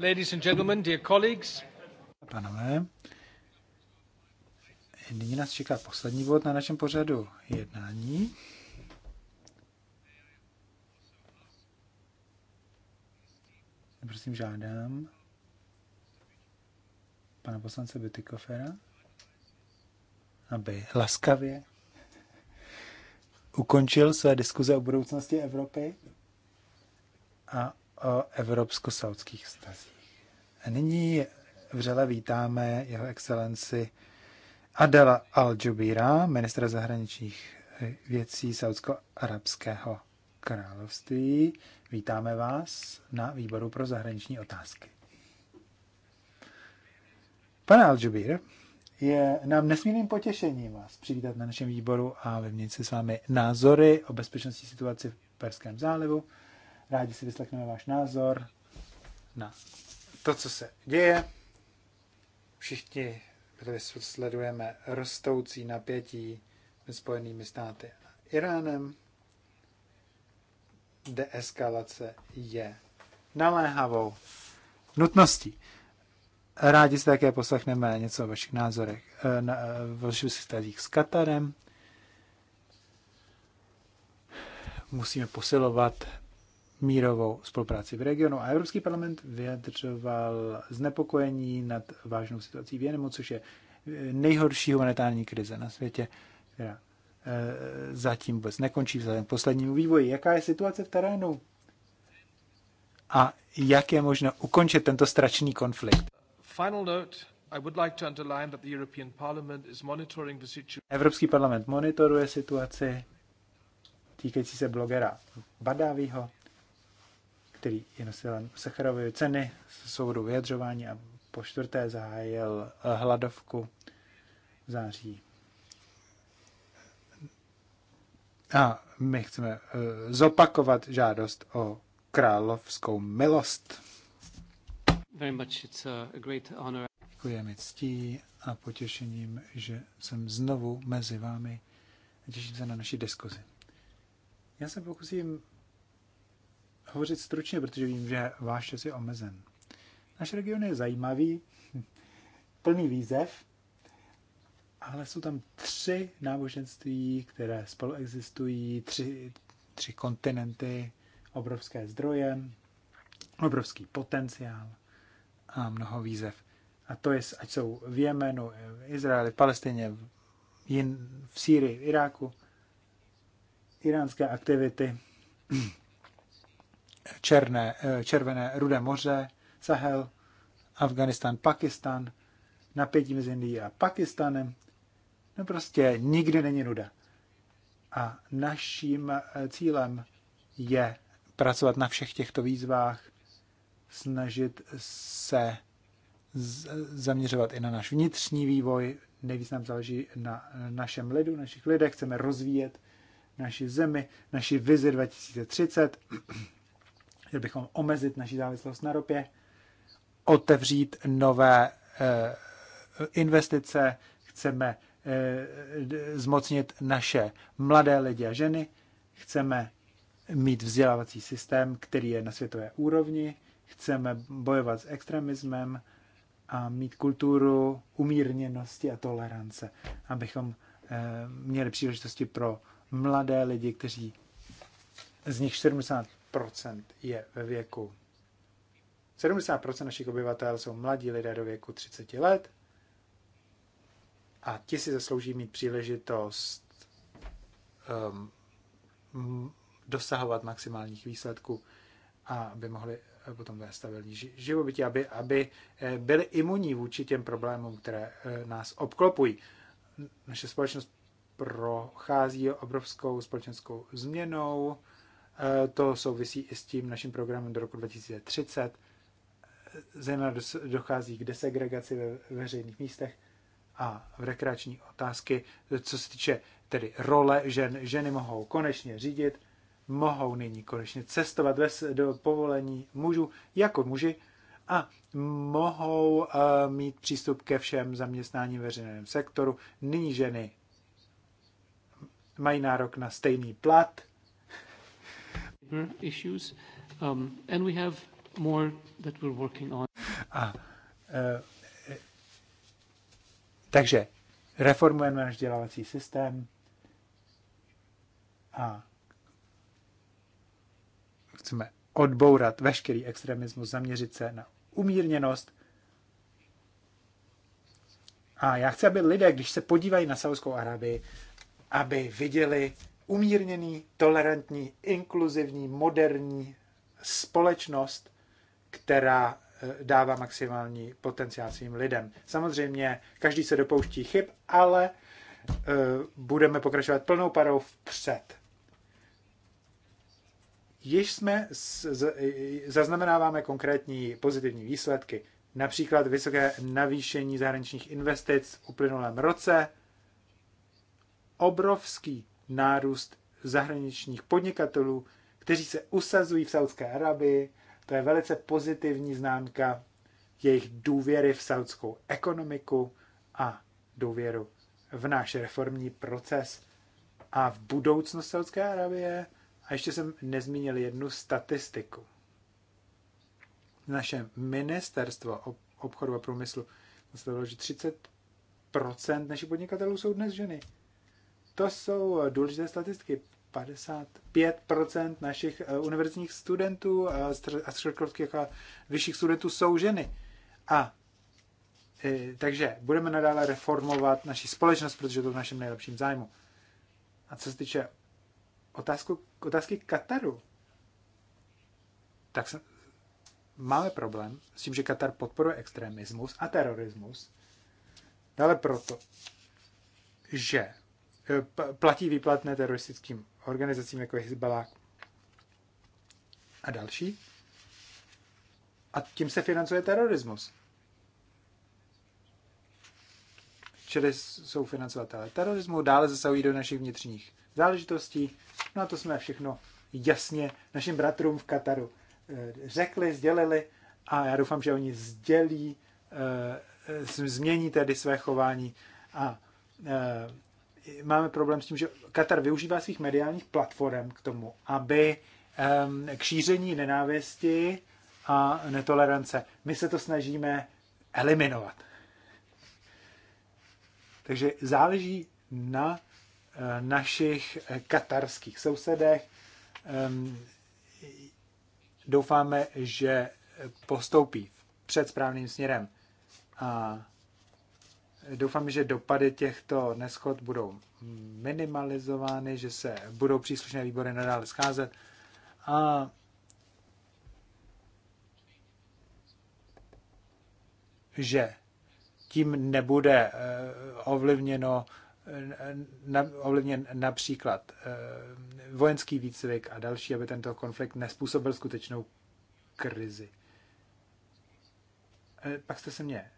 Ladies and gentlemen, dear colleagues. Panové, nyní nás čeká poslední bod na našem pořadu jednání. Prosím, žádám pana poslance Bytykofera, aby laskavě ukončil své diskuze o budoucnosti Evropy a o evropsko-saudských vztazích. A nyní vřele vítáme jeho excelenci Adela Al-Jubira, ministra zahraničních věcí Saudsko-arabského království. Vítáme vás na výboru pro zahraniční otázky. Pane Al-Jubir, je nám nesmírným potěšením vás přivítat na našem výboru a vyměnit si s vámi názory o bezpečnostní situaci v Perském zálivu Rádi si vyslechneme váš názor na to, co se děje. Všichni sledujeme rostoucí napětí mezi Spojenými státy a Iránem. Deeskalace je naléhavou nutností. Rádi si také poslechneme něco o vašich názorech, eh, na, eh, vašich stazích s Katarem. Musíme posilovat mírovou spolupráci v regionu. A Evropský parlament vyjadřoval znepokojení nad vážnou situací v Jenemu, což je eh, nejhorší humanitární krize na světě, která eh, zatím vůbec nekončí vzhledem k poslednímu vývoji. Jaká je situace v terénu? A jak je možno ukončit tento strašný konflikt? Final note. Evropský parlament monitoruje situaci týkající se blogera Badávýho který je nositelem Sacharovy ceny soudu vyjadřování a po čtvrté zahájil eh, hladovku v září. A my chceme eh, zopakovat žádost o královskou milost. Very much. It's a great honor. Děkuji mi ctí a potěšením, že jsem znovu mezi vámi těším se na naši diskuzi. Já se pokusím hovořit stručně, protože vím, že váš čas je omezen. Náš region je zajímavý, plný výzev, ale jsou tam tři náboženství, které spolu existují, tři, tři kontinenty, obrovské zdroje, obrovský potenciál a mnoho výzev. A to je, ať jsou v Jemenu, v Izraeli, v Palestině, v, jin, Sýrii, v Iráku, iránské aktivity Černé, eh, Červené, Rudé moře, Sahel, Afganistan, Pakistan, napětí mezi Indií a Pakistanem. No prostě nikdy není nuda. A naším eh, cílem je pracovat na všech těchto výzvách, snažit se zaměřovat i na náš vnitřní vývoj. Nejvíc nám záleží na eh, našem lidu, našich lidech. Chceme rozvíjet naši zemi, naši vizi 2030. Měli bychom omezit naši závislost na ropě, otevřít nové eh, investice, chceme eh, zmocnit naše mladé lidi a ženy, chceme mít vzdělávací systém, který je na světové úrovni, chceme bojovat s extremismem a mít kulturu umírněnosti a tolerance, abychom eh, měli příležitosti pro mladé lidi, kteří z nich je ve věku. 70% našich obyvatel jsou mladí lidé do věku 30 let a ti si zaslouží mít příležitost um, dosahovat maximálních výsledků a aby mohli eh, potom vést stabilní živobytí, aby, aby eh, byli imunní vůči těm problémům, které eh, nás obklopují. Naše společnost prochází obrovskou společenskou změnou, Eh, to souvisí i s tím naším programem do roku 2030. Eh, zejména dochází k desegregaci ve veřejných místech a v rekreační otázky, co se týče tedy role žen. Ženy mohou konečně řídit, mohou nyní konečně cestovat bez, do povolení mužů jako muži a mohou uh, mít přístup ke všem zaměstnáním veřejném sektoru. Nyní ženy mají nárok na stejný plat – a, takže reformujeme náš dělávací systém a chceme odbourat veškerý extremismus, zaměřit se na umírněnost. A já chci, aby lidé, když se podívají na Saudskou Arabii, aby viděli umírněný, tolerantní, inkluzivní, moderní společnost, která eh, dává maximální potenciál svým lidem. Samozřejmě každý se dopouští chyb, ale eh, budeme pokračovat plnou parou vpřed. Již jsme zaznamenáváme konkrétní pozitivní výsledky, například vysoké navýšení zahraničních investic v uplynulém roce, obrovský nárůst zahraničních podnikatelů, kteří se usazují v Saudské Arabii. To je velice pozitivní známka jejich důvěry v saudskou ekonomiku a důvěru v náš reformní proces a v budoucnost Saudské Arabie. A ještě jsem nezmínil jednu statistiku. Naše ministerstvo obchodu a průmyslu nastavilo, že 30% našich podnikatelů jsou dnes ženy. To jsou důležité statistiky. 55% našich eh, univerzitních studentů eh, a středoškolských a vyšších studentů jsou ženy. A eh, takže budeme nadále reformovat naši společnost, protože to je v našem nejlepším zájmu. A co se týče otázku, otázky Kataru, tak se, máme problém s tím, že Katar podporuje extremismus a terorismus. Dále proto, že Eh, platí výplatné teroristickým organizacím, jako je Hezbollah a další. A tím se financuje terorismus. Čili jsou financovatelé terorismu, dále zasahují do našich vnitřních záležitostí. No a to jsme všechno jasně našim bratrům v Kataru eh, řekli, sdělili a já doufám, že oni sdělí, eh, změní tedy své chování a máme problém s tím, že Katar využívá svých mediálních platform k tomu, aby k šíření nenávisti a netolerance. My se to snažíme eliminovat. Takže záleží na eh, našich eh, katarských sousedech. Doufáme, že postoupí před správným směrem. A Doufám, že dopady těchto neschod budou minimalizovány, že se budou příslušné výbory nadále scházet a že tím nebude eh, ovlivněno eh, na, ovlivněn například eh, vojenský výcvik a další, aby tento konflikt nespůsobil skutečnou krizi. Pak jste se mě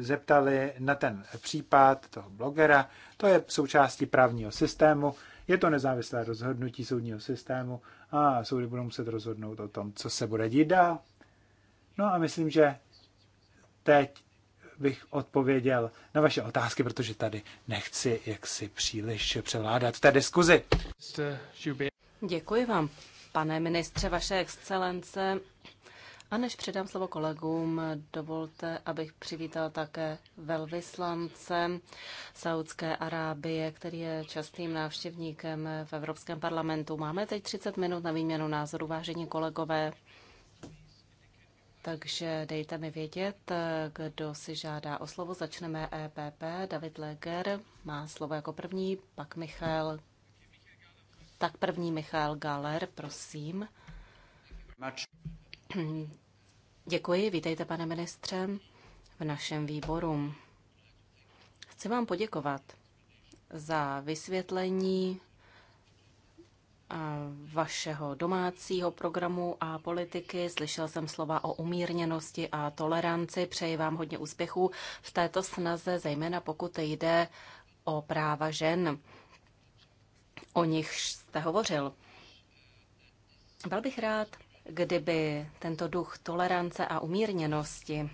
zeptali na ten případ toho blogera. To je součástí právního systému, je to nezávislé rozhodnutí soudního systému a soudy budou muset rozhodnout o tom, co se bude dít dál. No a myslím, že teď bych odpověděl na vaše otázky, protože tady nechci jaksi příliš převládat v té diskuzi. Děkuji vám, pane ministře, vaše excelence. A než předám slovo kolegům, dovolte, abych přivítal také velvyslance Saudské Arábie, který je častým návštěvníkem v Evropském parlamentu. Máme teď 30 minut na výměnu názoru, vážení kolegové. Takže dejte mi vědět, kdo si žádá o slovo. Začneme EPP. David Leger má slovo jako první, pak Michal. Tak první Michal Galer, prosím. Děkuji, vítejte, pane ministře, v našem výboru. Chci vám poděkovat za vysvětlení eh, vašeho domácího programu a politiky. Slyšel jsem slova o umírněnosti a toleranci. Přeji vám hodně úspěchů v této snaze, zejména pokud jde o práva žen. O nich jste hovořil. Byl bych rád, kdyby tento duch tolerance a umírněnosti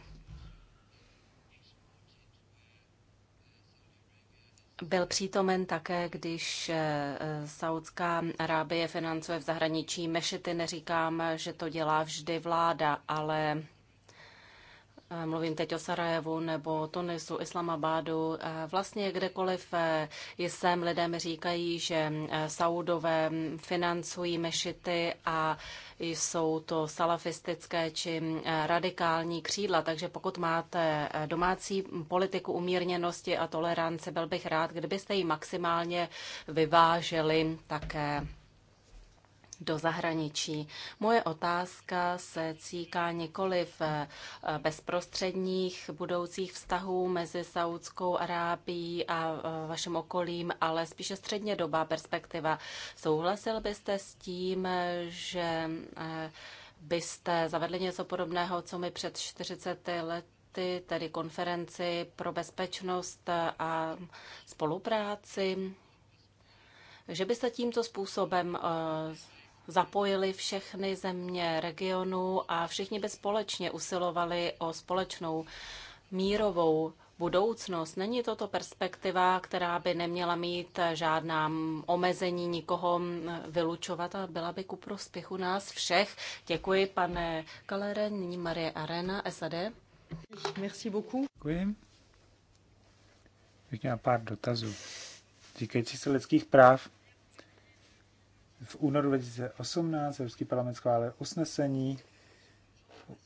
byl přítomen také, když eh, Saudská Arábie financuje v zahraničí mešity. Neříkám, že to dělá vždy vláda, ale Eh, mluvím teď o Sarajevu nebo Tunisu, Islamabadu, eh, vlastně kdekoliv eh, jsem, lidé mi říkají, že Saudové hm, financují mešity a jsou to salafistické či hm, radikální křídla, takže pokud máte domácí politiku umírněnosti a tolerance, byl bych rád, kdybyste ji maximálně vyváželi také do zahraničí. Moje otázka se nikoli v eh, bezprostředních budoucích vztahů mezi Saudskou Arábií a eh, vaším okolím, ale spíše středně dobá perspektiva. Souhlasil byste s tím, že eh, byste zavedli něco podobného, co mi před 40 lety, tedy konferenci pro bezpečnost a spolupráci, že byste tímto způsobem zapojili všechny země regionu a všichni by společně usilovali o společnou mírovou budoucnost. Není toto perspektiva, která by neměla mít žádná omezení nikoho vylučovat a byla by ku prospěchu nás všech. Děkuji, pane Kalere, nyní Marie Arena, SAD. Merci beaucoup. Děkuji. Bych měla pár dotazů. Týkající se lidských práv, v únoru 2018 Evropský parlament schválil usnesení,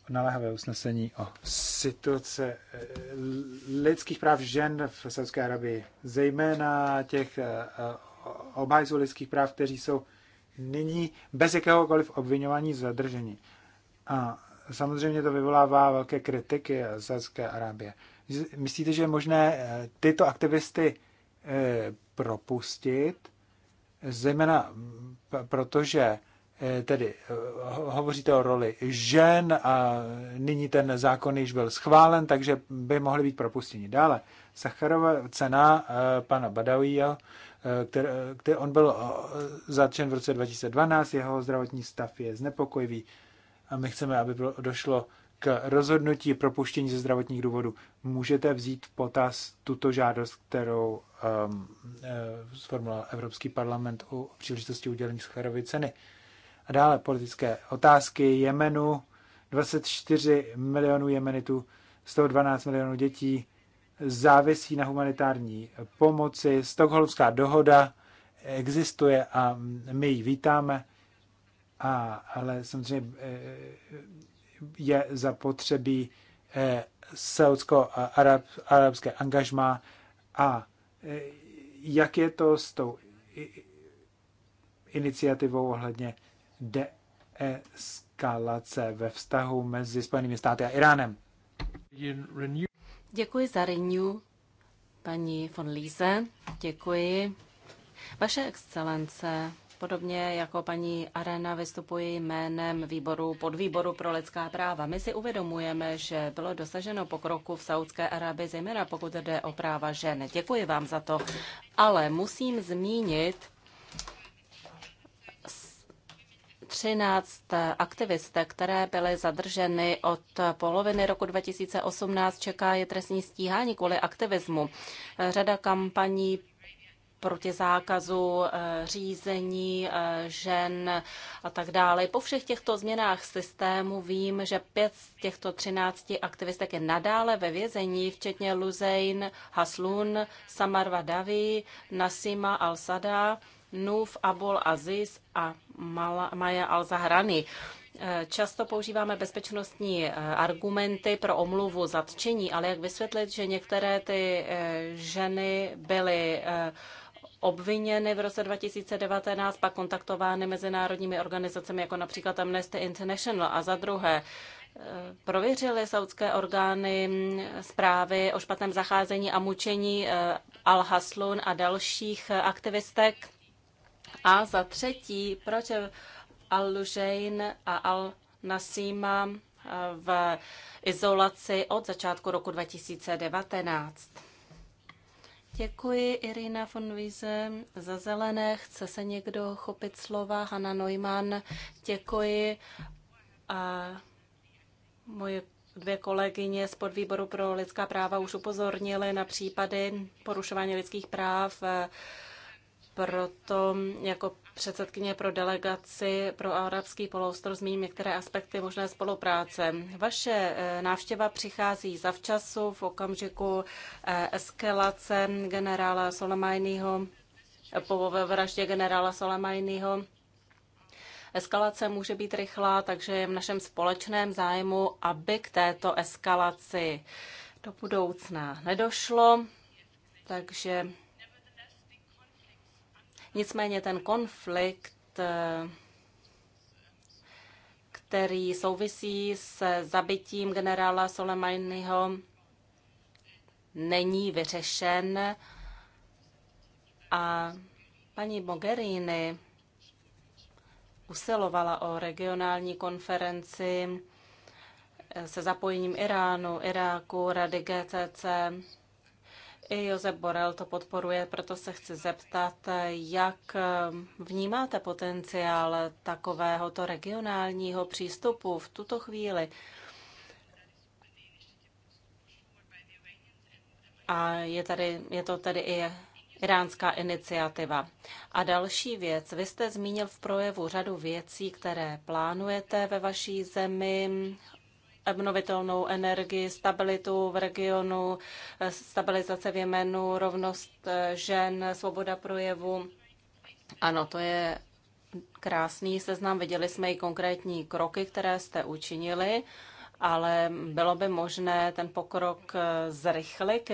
naléhavé usnesení o situace eh, lidských práv žen v Saudské Arabii, zejména těch eh, obhajců lidských práv, kteří jsou nyní bez jakéhokoliv obvinování zadržení. A samozřejmě to vyvolává velké kritiky Saudské Arábie. Myslíte, že je možné eh, tyto aktivisty propustit? zejména protože eh, tedy eh, hovoříte o roli žen a nyní ten zákon již byl schválen, takže by mohly být propustěni Dále, Sacharova cena eh, pana Badawiho, který, který on byl zatčen v roce 2012, jeho zdravotní stav je znepokojivý a my chceme, aby bylo, došlo k rozhodnutí propuštění ze zdravotních důvodů. Můžete vzít v potaz tuto žádost, kterou Um, eh, sformuloval Evropský parlament u příležitosti udělení Sacharovy ceny. A dále politické otázky Jemenu, 24 milionů Jemenitů, 112 milionů dětí závisí na humanitární pomoci. Stockholmská dohoda existuje a my ji vítáme, a, ale samozřejmě eh, je zapotřebí eh, saudsko-arabské angažma a jak je to s tou iniciativou ohledně deeskalace ve vztahu mezi Spojenými státy a Iránem. Děkuji za Renew, paní von Líze. Děkuji. Vaše excelence, Podobně jako paní Arena vystupuji jménem výboru podvýboru pro lidská práva. My si uvědomujeme, že bylo dosaženo pokroku v Saudské Arábii, zejména pokud jde o práva žen. Děkuji vám za to, ale musím zmínit 13 aktivistek, které byly zadrženy od poloviny roku 2018, čeká je trestní stíhání kvůli aktivismu. Řada kampaní proti zákazu eh, řízení eh, žen a tak dále. Po všech těchto změnách systému vím, že pět z těchto třinácti aktivistek je nadále ve vězení, včetně Luzein Haslun, Samarva Davi, Nasima Al-Sada, Nuf Abul Aziz a Maya Al-Zahrani. Eh, často používáme bezpečnostní argumenty pro omluvu zatčení, ale jak vysvětlit, že některé ty ženy byly obviněny v roce 2019, pak kontaktovány mezinárodními organizacemi jako například Amnesty International. A za druhé, e, prověřily saudské orgány zprávy o špatném zacházení a mučení e, Al-Haslun a dalších e, aktivistek. A za třetí, proč Al-Lužejn a Al-Nasima v izolaci od začátku roku 2019. Děkuji Irina von Wiese za zelené. Chce se někdo chopit slova? Hanna Neumann, děkuji. A moje dvě kolegyně z podvýboru pro lidská práva už upozornily na případy porušování lidských práv proto jako předsedkyně pro delegaci pro arabský poloostrov zmíním některé aspekty možné spolupráce. Vaše eh, návštěva přichází zavčasu v okamžiku eh, eskalace generála Soleimányho po vraždě generála Soleimányho. Eskalace může být rychlá, takže je v našem společném zájmu, aby k této eskalaci do budoucna nedošlo. Takže Nicméně ten konflikt eh, který souvisí s zabitím generála Soleimaniho, není vyřešen. A paní Mogherini usilovala o regionální konferenci eh, se zapojením Iránu, Iráku, Rady GCC i Josep Borel to podporuje, proto se chci zeptat, jak vnímáte potenciál takovéhoto regionálního přístupu v tuto chvíli? A je, tady, je to tedy i iránská iniciativa. A další věc. Vy jste zmínil v projevu řadu věcí, které plánujete ve vaší zemi obnovitelnou energii, stabilitu v regionu, stabilizace v Jemenu, rovnost eh, žen, svoboda projevu. Ano, to je krásný seznam. Viděli jsme i konkrétní kroky, které jste učinili, ale bylo by možné ten pokrok eh, zrychlit.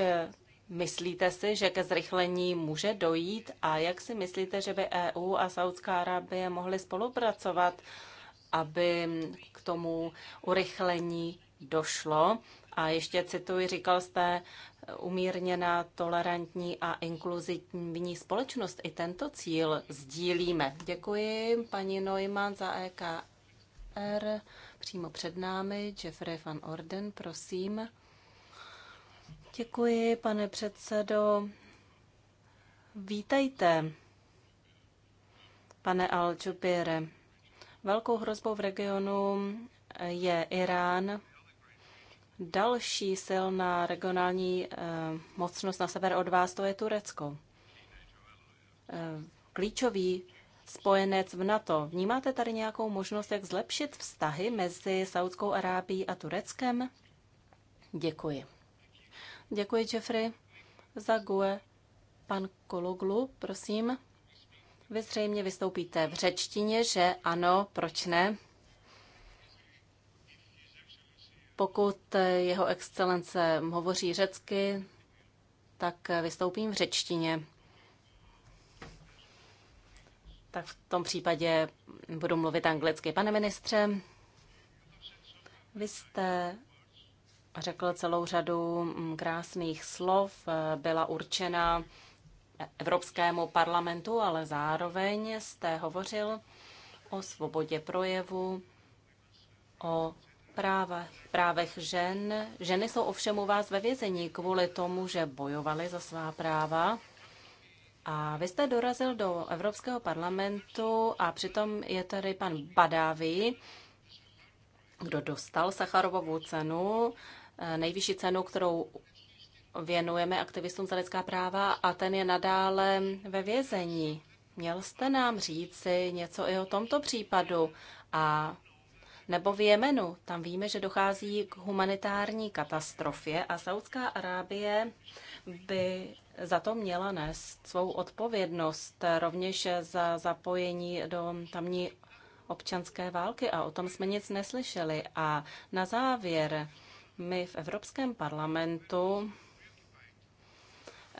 Myslíte si, že ke zrychlení může dojít a jak si myslíte, že by EU a Saudská Arábie mohly spolupracovat? aby k tomu urychlení došlo. A ještě cituji, říkal jste, umírněná, tolerantní a inkluzivní společnost. I tento cíl sdílíme. Děkuji paní Neumann za EKR. Přímo před námi Jeffrey van Orden, prosím. Děkuji, pane předsedo. Vítejte, pane Alčupire. Velkou hrozbou v regionu je Irán, další silná regionální eh, mocnost na sever od vás, to je Turecko. Eh, klíčový spojenec v NATO. Vnímáte tady nějakou možnost, jak zlepšit vztahy mezi Saudskou Arábií a Tureckem? Děkuji. Děkuji, Jeffrey. Za GUE pan Kologlu, prosím. Vy zřejmě vystoupíte v řečtině, že ano, proč ne? Pokud jeho excelence hovoří řecky, tak vystoupím v řečtině. Tak v tom případě budu mluvit anglicky. Pane ministře, vy jste řekl celou řadu mm, krásných slov, eh, byla určena Evropskému parlamentu, ale zároveň jste hovořil o svobodě projevu, o právech, právech žen. Ženy jsou ovšem u vás ve vězení kvůli tomu, že bojovaly za svá práva. A vy jste dorazil do Evropského parlamentu a přitom je tady pan Badávy, kdo dostal Sacharovovu cenu, eh, nejvyšší cenu, kterou věnujeme aktivistům za lidská práva a ten je nadále ve vězení. Měl jste nám říci něco i o tomto případu a nebo v Jemenu. Tam víme, že dochází k humanitární katastrofě a Saudská Arábie by za to měla nést svou odpovědnost, rovněž za zapojení do tamní občanské války a o tom jsme nic neslyšeli. A na závěr, my v Evropském parlamentu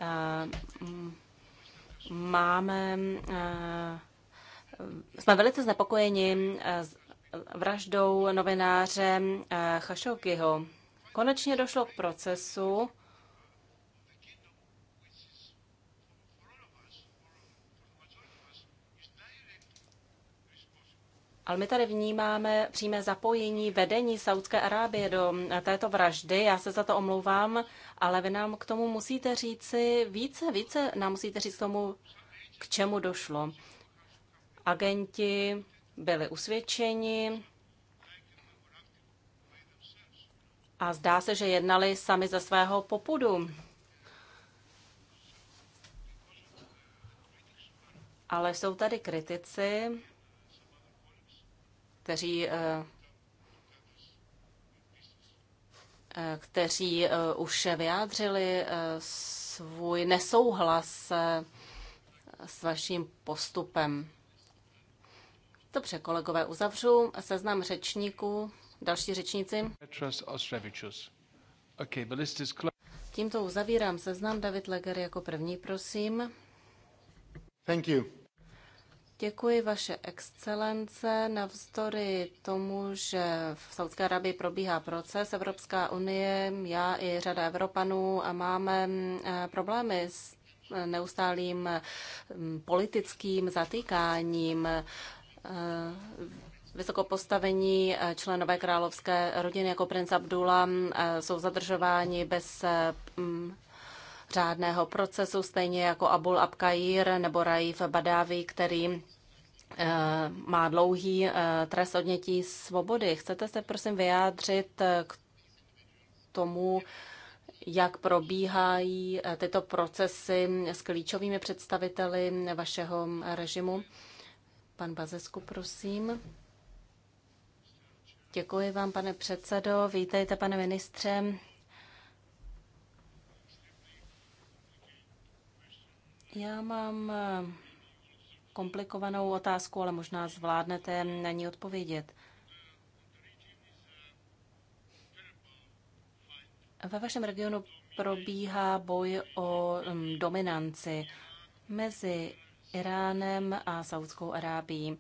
Eh, mm, máme, eh, jsme velice znepokojeni eh, vraždou novináře Khashoggiho. Konečně došlo k procesu, Ale my tady vnímáme přímé zapojení vedení Saudské Arábie do této vraždy. Já se za to omlouvám ale vy nám k tomu musíte říci více, více nám musíte říct k tomu, k čemu došlo. Agenti byli usvědčeni a zdá se, že jednali sami ze svého popudu. Ale jsou tady kritici, kteří eh, kteří eh, už vyjádřili eh, svůj nesouhlas eh, s vaším postupem. Dobře, kolegové, uzavřu seznam řečníků. Další řečníci. Tímto uzavírám seznam. David Leger jako první, prosím. Thank you. Děkuji, vaše excelence. Navzdory tomu, že v Saudské Arabii probíhá proces, Evropská unie, já i řada Evropanů a máme mm, eh, problémy s eh, neustálým mm, politickým zatýkáním eh, Vysokopostavení členové královské rodiny jako princ Abdullah mm, jsou zadržováni bez řádného procesu, stejně jako Abul Abkair nebo Raif Badavi, který Eh, má dlouhý eh, trest odnětí svobody. Chcete se prosím vyjádřit eh, k tomu, jak probíhají tyto procesy s klíčovými představiteli vašeho režimu? Pan Bazesku, prosím. Děkuji vám, pane předsedo. Vítejte, pane ministře. Já mám komplikovanou otázku, ale možná zvládnete na ní odpovědět. Ve vašem regionu probíhá boj o mm, dominanci mezi Iránem a Saudskou Arábií.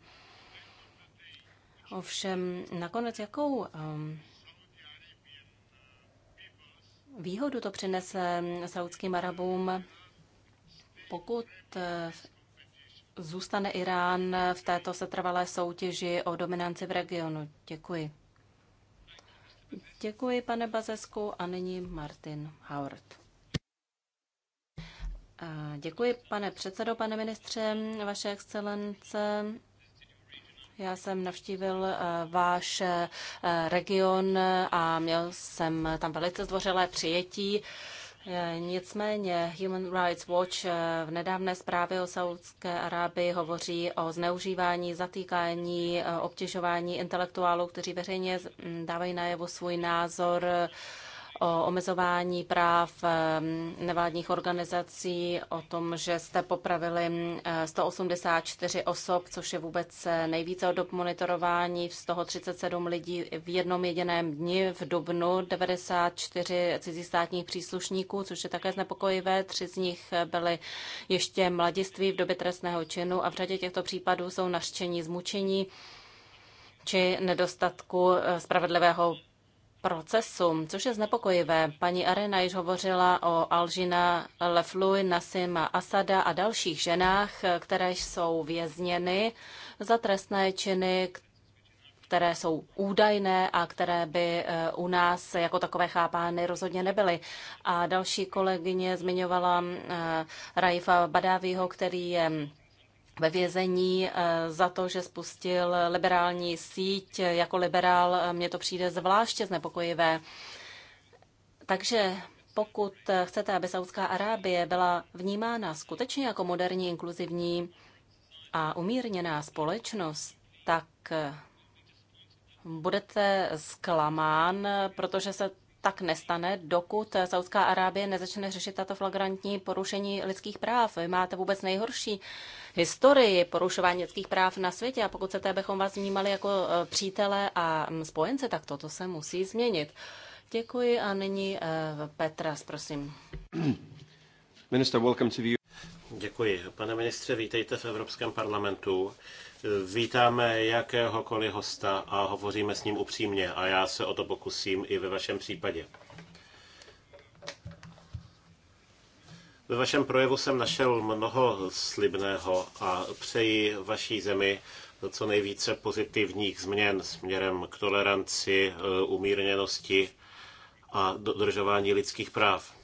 Ovšem, nakonec jakou mm, výhodu to přinese saudským Arabům, pokud eh, zůstane Irán v této setrvalé soutěži o dominanci v regionu? Děkuji. Děkuji, pane Bazesku, a nyní Martin Howard. Děkuji, pane předsedo, pane ministře, vaše excelence. Já jsem navštívil eh, váš eh, region a měl jsem tam velice zdvořilé přijetí. Eh, nicméně Human Rights Watch eh, v nedávné zprávě o Saudské Arábii hovoří o zneužívání, zatýkání, eh, obtěžování intelektuálů, kteří veřejně dávají najevo svůj názor o omezování práv eh, nevládních organizací, o tom, že jste popravili 184 eh, osob, což je vůbec eh, nejvíce od dob monitorování, z toho 37 lidí v jednom jediném dni v Dubnu, 94 cizí státních příslušníků, což je také znepokojivé. Tři z nich byli ještě mladiství v době trestného činu a v řadě těchto případů jsou naštění zmučení či nedostatku spravedlivého procesu, což je znepokojivé. Paní Arena již hovořila o Alžina Leflui, Nasima Asada a dalších ženách, které jsou vězněny za trestné činy, které jsou údajné a které by eh, u nás jako takové chápány rozhodně nebyly. A další kolegyně zmiňovala eh, Raifa Badávího, který je ve vězení eh, za to, že spustil liberální síť. Jako liberál eh, mně to přijde zvláště znepokojivé. Takže pokud eh, chcete, aby Saudská Arábie byla vnímána skutečně jako moderní, inkluzivní a umírněná společnost, tak budete zklamán, protože se tak nestane, dokud Saudská Arábie nezačne řešit tato flagrantní porušení lidských práv. Vy máte vůbec nejhorší historii porušování lidských práv na světě a pokud chcete, abychom vás vnímali jako eh, přítele a mm, spojence, tak toto se musí změnit. Děkuji a nyní eh, Petra, prosím. Minister, welcome to the Děkuji. Pane ministře, vítejte v Evropském parlamentu. Vítáme jakéhokoliv hosta a hovoříme s ním upřímně a já se o to pokusím i ve vašem případě. Ve vašem projevu jsem našel mnoho slibného a přeji vaší zemi co nejvíce pozitivních změn směrem k toleranci, umírněnosti a dodržování lidských práv.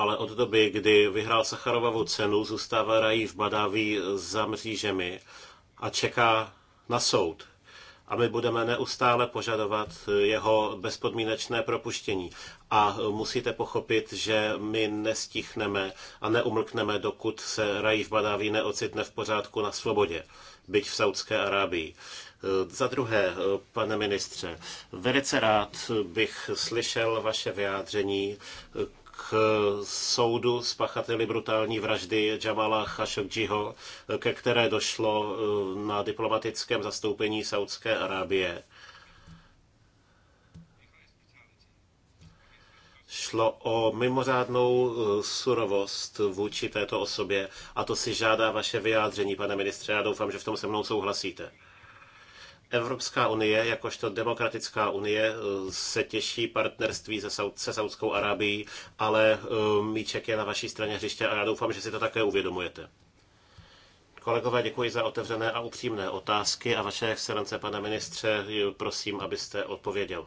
ale od doby, kdy vyhrál Sacharovovu cenu, zůstává rají v Badaví za mřížemi a čeká na soud. A my budeme neustále požadovat jeho bezpodmínečné propuštění. A musíte pochopit, že my nestichneme a neumlkneme, dokud se Rají v Badaví neocitne v pořádku na svobodě, byť v Saudské Arábii. Za druhé, pane ministře, velice rád bych slyšel vaše vyjádření k eh, soudu s pachateli brutální vraždy Jamala Khashoggiho, eh, ke které došlo eh, na diplomatickém zastoupení Saudské Arábie. Šlo o mimořádnou surovost vůči této osobě a to si žádá vaše vyjádření, pane ministře. Já doufám, že v tom se mnou souhlasíte. Evropská unie, jakožto demokratická unie, eh, se těší partnerství se, Saud, se Saudskou Arábií, ale eh, míček je na vaší straně hřiště a já doufám, že si to také uvědomujete. Kolegové, děkuji za otevřené a upřímné otázky a vaše excelence, pane ministře, prosím, abyste odpověděl.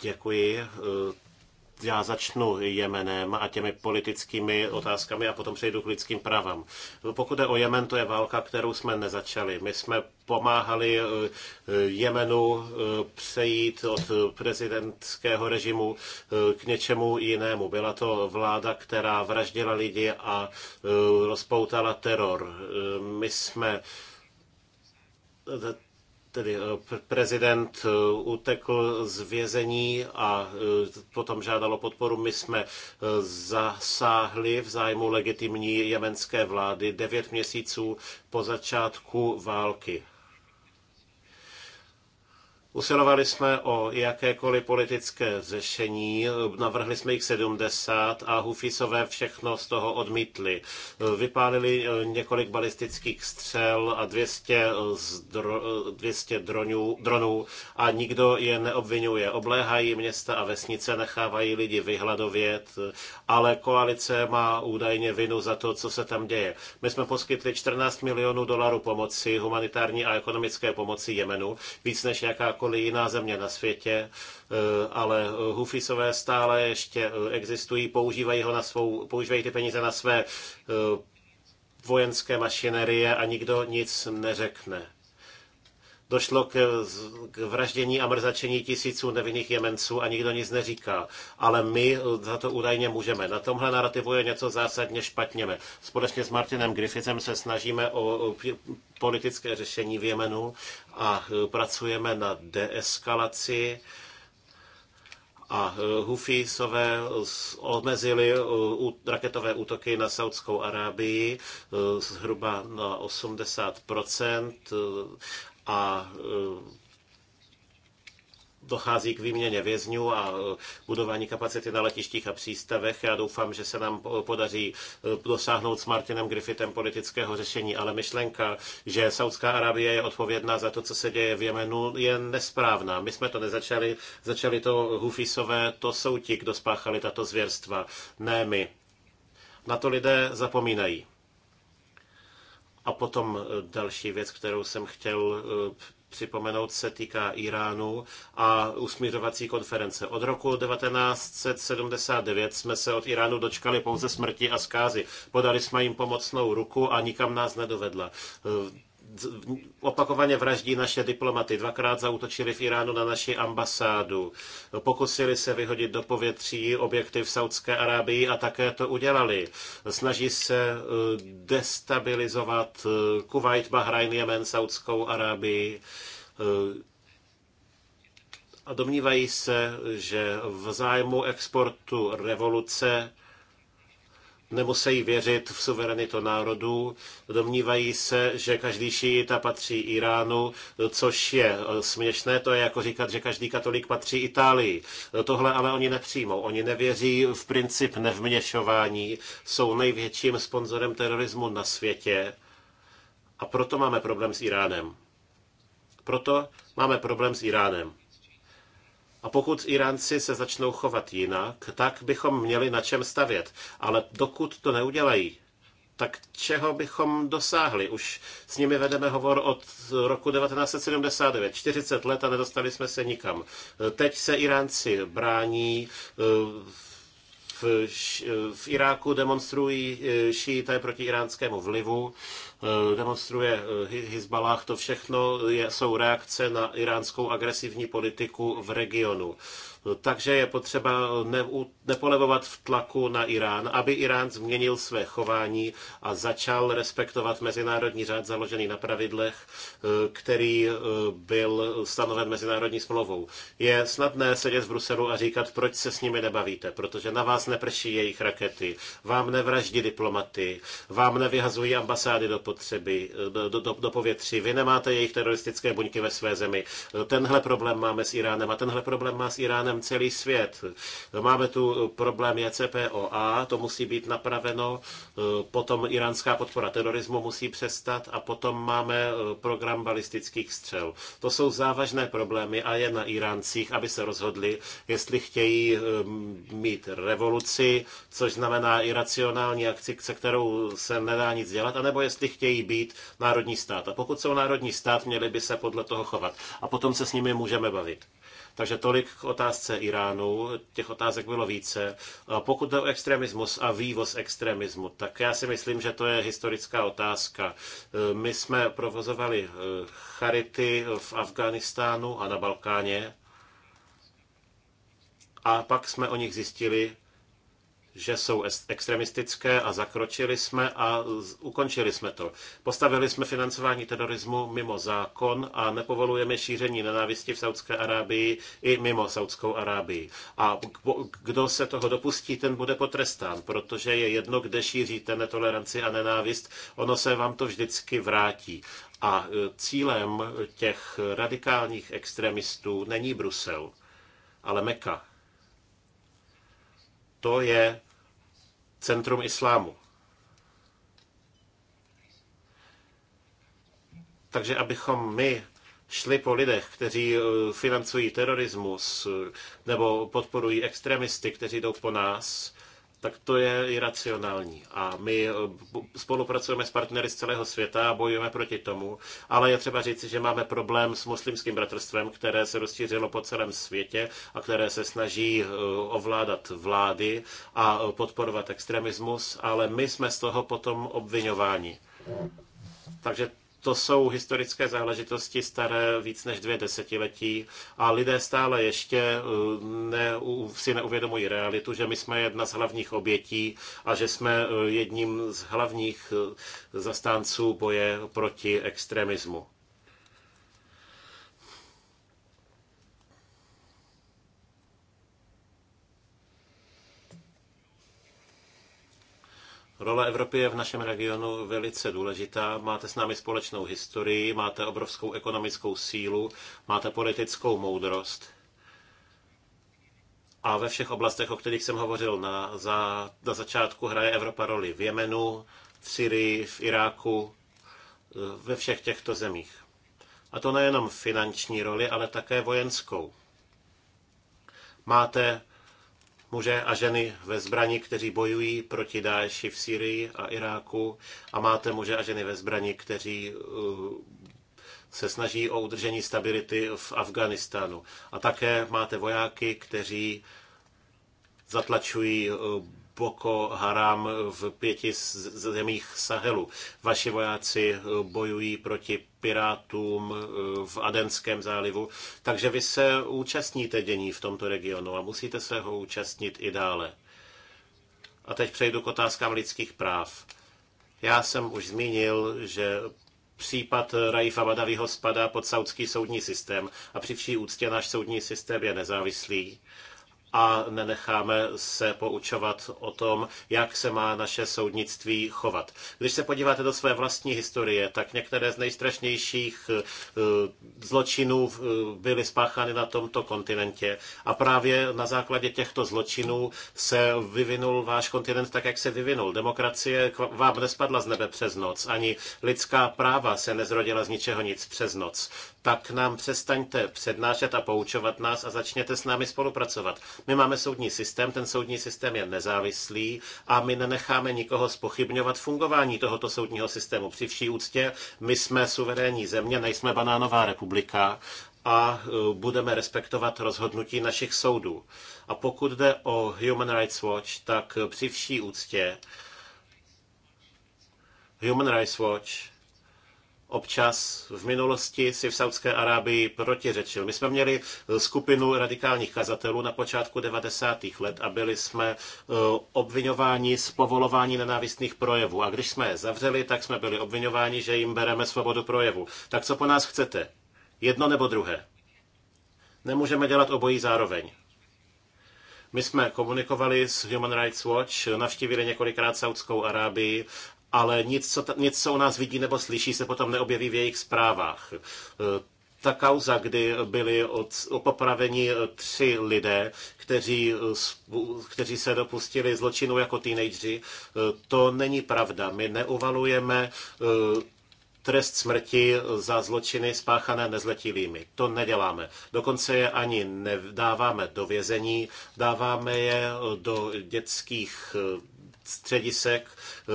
Děkuji. Eh, já začnu Jemenem a těmi politickými otázkami a potom přejdu k lidským právám. Pokud je o Jemen, to je válka, kterou jsme nezačali. My jsme pomáhali eh, Jemenu eh, přejít od prezidentského režimu eh, k něčemu jinému. Byla to vláda, která vraždila lidi a rozpoutala teror. My jsme tedy eh, prezident eh, utekl z vězení a eh, potom žádalo podporu. My jsme zasáhli v zájmu legitimní jemenské vlády devět měsíců po začátku války. Usilovali jsme o jakékoliv politické řešení, navrhli jsme jich 70 a Hufisové všechno z toho odmítli. Vypálili eh, několik balistických střel a 200, zdro, 200 dronů, dronů a nikdo je neobvinuje. Obléhají města a vesnice, nechávají lidi vyhladovět, ale koalice má údajně vinu za to, co se tam děje. My jsme poskytli 14 milionů dolarů pomoci, humanitární a ekonomické pomoci Jemenu, víc než jaká jakákoliv jiná země na světě, eh, ale Hufisové stále ještě eh, existují, používají, ho na svou, používají ty peníze na své eh, vojenské mašinerie a nikdo nic neřekne. Došlo k, k vraždění a mrzačení tisíců nevinných Jemenců a nikdo nic neříká. Ale my za to údajně můžeme. Na tomhle narrativu je něco zásadně špatně. Společně s Martinem Griffithem se snažíme o politické řešení v Jemenu a e, pracujeme na deeskalaci a Hufísové eh, omezili eh, raketové útoky na Saudskou Arábii eh, zhruba na 80 a dochází k výměně vězňů a e, budování kapacity na letištích a přístavech. Já doufám, že se nám e, podaří e, dosáhnout s Martinem Griffithem politického řešení, ale myšlenka, že Saudská Arábie je odpovědná za to, co se děje v Jemenu, je nesprávná. My jsme to nezačali, začali to Hufisové, to jsou ti, kdo spáchali tato zvěrstva, ne my. Na to lidé zapomínají. A potom další věc, kterou jsem chtěl připomenout, se týká Iránu a usmířovací konference. Od roku 1979 jsme se od Iránu dočkali pouze smrti a zkázy. Podali jsme jim pomocnou ruku a nikam nás nedovedla opakovaně vraždí naše diplomaty. Dvakrát zautočili v Iránu na naši ambasádu. Pokusili se vyhodit do povětří objekty v Saudské Arábii a také to udělali. Snaží se eh, destabilizovat eh, Kuwait, Bahrajn, Jemen, Saudskou Arábii eh, a domnívají se, že v zájmu exportu revoluce nemusí věřit v suverenitu národů, domnívají se, že každý šíita patří Iránu, což je eh, směšné, to je jako říkat, že každý katolik patří Itálii. Tohle ale oni nepřijmou, oni nevěří v princip nevměšování, jsou největším sponzorem terorismu na světě a proto máme problém s Iránem. Proto máme problém s Iránem. A pokud Iránci se začnou chovat jinak, tak bychom měli na čem stavět. Ale dokud to neudělají, tak čeho bychom dosáhli? Už s nimi vedeme hovor od roku 1979, 40 let a nedostali jsme se nikam. Teď se Iránci brání eh, v, Iráku demonstrují eh, šíité proti iránskému vlivu, eh, demonstruje Hezbalah, eh, to všechno jsou reakce na iránskou agresivní politiku v regionu. Takže je potřeba nepolevovat v tlaku na Irán, aby Irán změnil své chování a začal respektovat mezinárodní řád založený na pravidlech, eh, který eh, byl stanoven mezinárodní smlouvou. Je snadné sedět v Bruselu a říkat, proč se s nimi nebavíte, protože na vás neprší jejich rakety, vám nevraždí diplomaty, vám nevyhazují ambasády do potřeby, eh, do, do, do povětří, vy nemáte jejich teroristické buňky ve své zemi. Tenhle problém máme s Iránem a tenhle problém má s Iránem problém celý svět. Máme tu problém JCPOA, to musí být napraveno, eh, potom iránská podpora terorismu musí přestat a potom máme eh, program balistických střel. To jsou závažné problémy a je na Iráncích, aby se rozhodli, jestli chtějí eh, mít revoluci, což znamená iracionální akci, se kterou se nedá nic dělat, anebo jestli chtějí být národní stát. A pokud jsou národní stát, měli by se podle toho chovat. A potom se s nimi můžeme bavit. Takže tolik k otázce Iránu, těch otázek bylo více. Pokud jde o extremismus a vývoz extremismu, tak já si myslím, že to je historická otázka. E, my jsme provozovali e, charity v Afghánistánu a na Balkáně a pak jsme o nich zjistili, že jsou extremistické a zakročili jsme a ukončili jsme to. Postavili jsme financování terorismu mimo zákon a nepovolujeme šíření nenávisti v Saudské Arábii i mimo Saudskou Arábii. A kdo se toho dopustí, ten bude potrestán, protože je jedno, kde šíříte netoleranci a nenávist, ono se vám to vždycky vrátí. A e, cílem těch radikálních extremistů není Brusel, ale Meka. To je centrum islámu. Takže abychom my šli po lidech, kteří eh, financují terorismus eh, nebo podporují extremisty, kteří jdou po nás, tak to je iracionální. A my eh, spolupracujeme s partnery z celého světa a bojujeme proti tomu, ale je třeba říci, že máme problém s muslimským bratrstvem, které se rozšířilo po celém světě a které se snaží eh, ovládat vlády a eh, podporovat extremismus, ale my jsme z toho potom obvinováni. Takže to jsou historické záležitosti staré víc než dvě desetiletí a lidé stále ještě eh, ne, si neuvědomují realitu, že my jsme jedna z hlavních obětí a že jsme eh, jedním z hlavních eh, zastánců boje proti extremismu. Role Evropy je v našem regionu velice důležitá. Máte s námi společnou historii, máte obrovskou ekonomickou sílu, máte politickou moudrost. A ve všech oblastech, o kterých jsem hovořil na, za, na začátku, hraje Evropa roli v Jemenu, v Syrii, v Iráku, ve všech těchto zemích. A to nejenom finanční roli, ale také vojenskou. Máte muže a ženy ve zbrani, kteří bojují proti Daeši v Syrii a Iráku a máte muže a ženy ve zbrani, kteří uh, se snaží o udržení stability v Afganistánu. A také máte vojáky, kteří zatlačují uh, Boko Haram v pěti zemích Sahelu. Vaši vojáci eh, bojují proti pirátům eh, v Adenském zálivu, takže vy se účastníte dění v tomto regionu a musíte se ho účastnit i dále. A teď přejdu k otázkám lidských práv. Já jsem už zmínil, že případ Raifa Badavího spadá pod saudský soudní systém a při vší úctě náš soudní systém je nezávislý a nenecháme se poučovat o tom, jak se má naše soudnictví chovat. Když se podíváte do své vlastní historie, tak některé z nejstrašnějších eh, zločinů eh, byly spáchány na tomto kontinentě a právě na základě těchto zločinů se vyvinul váš kontinent tak, jak se vyvinul. Demokracie vám nespadla z nebe přes noc, ani lidská práva se nezrodila z ničeho nic přes noc tak nám přestaňte přednášet a poučovat nás a začněte s námi spolupracovat. My máme soudní systém, ten soudní systém je nezávislý a my nenecháme nikoho spochybňovat fungování tohoto soudního systému. Při vší úctě, my jsme suverénní země, nejsme banánová republika a e, budeme respektovat rozhodnutí našich soudů. A pokud jde o Human Rights Watch, tak e, při vší úctě Human Rights Watch občas v minulosti si v Saudské Arábii protiřečil. My jsme měli eh, skupinu radikálních kazatelů na počátku 90. let a byli jsme eh, obvinováni z povolování nenávistných projevů. A když jsme je zavřeli, tak jsme byli obvinováni, že jim bereme svobodu projevu. Tak co po nás chcete? Jedno nebo druhé? Nemůžeme dělat obojí zároveň. My jsme komunikovali s Human Rights Watch, navštívili několikrát Saudskou Arábii ale nic co, ta, nic, co u nás vidí nebo slyší, se potom neobjeví v jejich zprávách e, ta kauza, kdy byli od, popraveni e, tři lidé, kteří, e, kteří se dopustili zločinu jako teenageři, to není pravda. My neuvalujeme trest smrti za zločiny spáchané nezletilými. To neděláme. Dokonce je ani nedáváme do vězení, dáváme je do dětských středisek,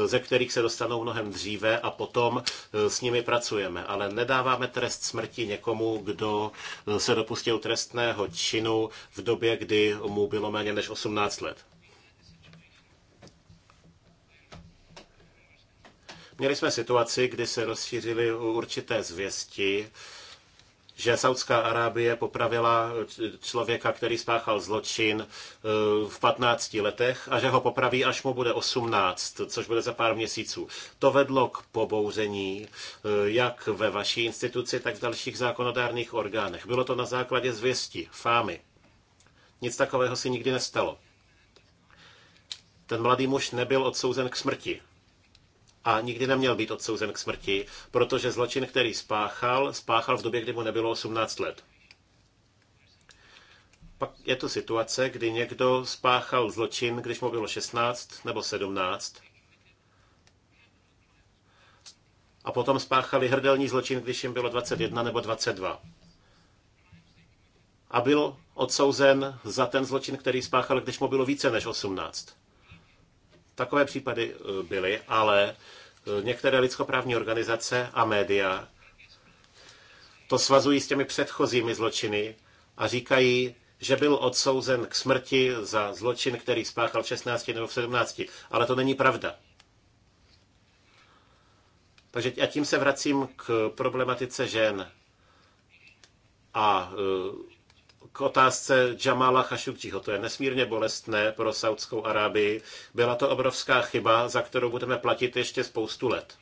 ze kterých se dostanou mnohem dříve a potom e, s nimi pracujeme. Ale nedáváme trest smrti někomu, kdo e, se dopustil trestného činu v době, kdy mu bylo méně než 18 let. Měli jsme situaci, kdy se rozšířily určité zvěsti, že Saudská Arábie popravila člověka, který spáchal zločin eh, v 15 letech a že ho popraví, až mu bude 18, což bude za pár měsíců. To vedlo k pobouření, eh, jak ve vaší instituci, tak v dalších zákonodárných orgánech. Bylo to na základě zvěsti, fámy. Nic takového si nikdy nestalo. Ten mladý muž nebyl odsouzen k smrti a nikdy neměl být odsouzen k smrti, protože zločin, který spáchal, spáchal v době, kdy mu nebylo 18 let. Pak je to situace, kdy někdo spáchal zločin, když mu bylo 16 nebo 17, a potom spáchali hrdelní zločin, když jim bylo 21 nebo 22. A byl odsouzen za ten zločin, který spáchal, když mu bylo více než 18. Takové případy eh, byly, ale eh, některé lidskoprávní organizace a média to svazují s těmi předchozími zločiny a říkají, že byl odsouzen k smrti za zločin, který spáchal v 16 nebo v 17. Ale to není pravda. Takže a tím se vracím k problematice žen a eh, k otázce Jamala Khashoggiho. To je nesmírně bolestné pro Saudskou Arábii. Byla to obrovská chyba, za kterou budeme platit ještě spoustu let.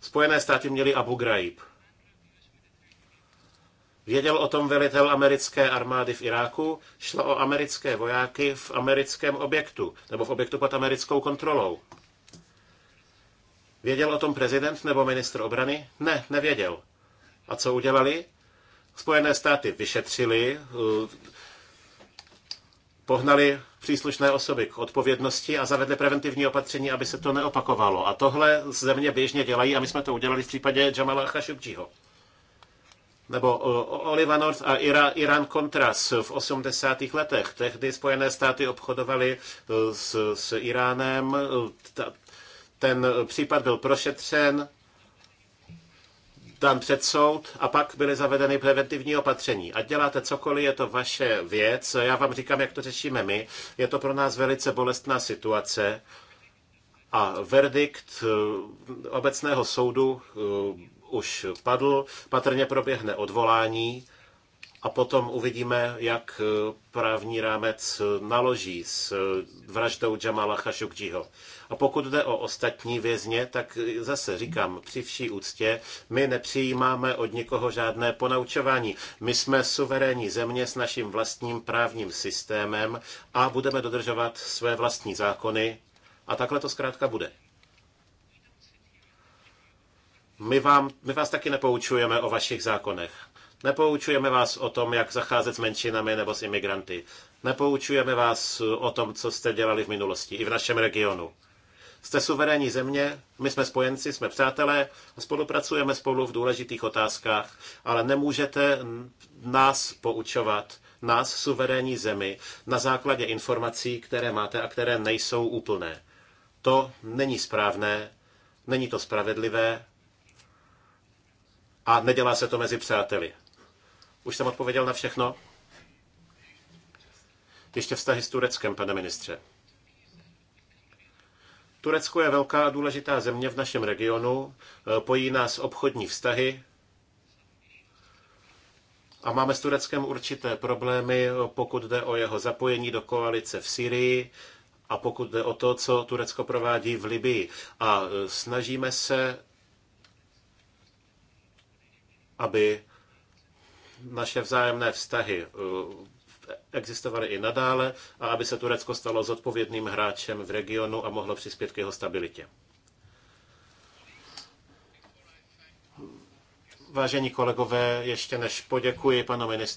Spojené státy měly Abu Ghraib. Věděl o tom velitel americké armády v Iráku, šlo o americké vojáky v americkém objektu, nebo v objektu pod americkou kontrolou. Věděl o tom prezident nebo ministr obrany? Ne, nevěděl. A co udělali? Spojené státy vyšetřili, eh, pohnali příslušné osoby k odpovědnosti a zavedli preventivní opatření, aby se to neopakovalo. A tohle země běžně dělají a my jsme to udělali v případě Jamala Khashoggiho. Nebo eh, Oliva North a Irán Contras v 80. letech. Tehdy Spojené státy obchodovali eh, s, s Iránem, ten eh, případ byl prošetřen, dan před soud a pak byly zavedeny preventivní opatření. A děláte cokoliv, je to vaše věc. Já vám říkám, jak to řešíme my. Je to pro nás velice bolestná situace. A verdikt eh, obecného soudu eh, už padl, patrně proběhne odvolání a potom uvidíme, jak eh, právní rámec eh, naloží s eh, vraždou Jamala Khashoggiho. A pokud jde o ostatní vězně, tak zase říkám, při vší úctě, my nepřijímáme od nikoho žádné ponaučování. My jsme suverénní země s naším vlastním právním systémem a budeme dodržovat své vlastní zákony. A takhle to zkrátka bude. My, vám, my vás taky nepoučujeme o vašich zákonech. Nepoučujeme vás o tom, jak zacházet s menšinami nebo s imigranty. Nepoučujeme vás o tom, co jste dělali v minulosti, i v našem regionu. Jste suverénní země, my jsme spojenci, jsme přátelé, spolupracujeme spolu v důležitých otázkách, ale nemůžete nás poučovat, nás suverénní zemi, na základě informací, které máte a které nejsou úplné. To není správné, není to spravedlivé a nedělá se to mezi přáteli. Už jsem odpověděl na všechno? Ještě vztahy s Tureckem, pane ministře. Turecko je velká a důležitá země v našem regionu, eh, pojí nás obchodní vztahy a máme s Tureckem určité problémy, pokud jde o jeho zapojení do koalice v Syrii a pokud jde o to, co Turecko provádí v Libii. A eh, snažíme se, aby naše vzájemné vztahy eh, existovaly i nadále a aby se Turecko stalo zodpovědným hráčem v regionu a mohlo přispět k jeho stabilitě. Vážení kolegové, ještě než poděkuji panu ministrovi,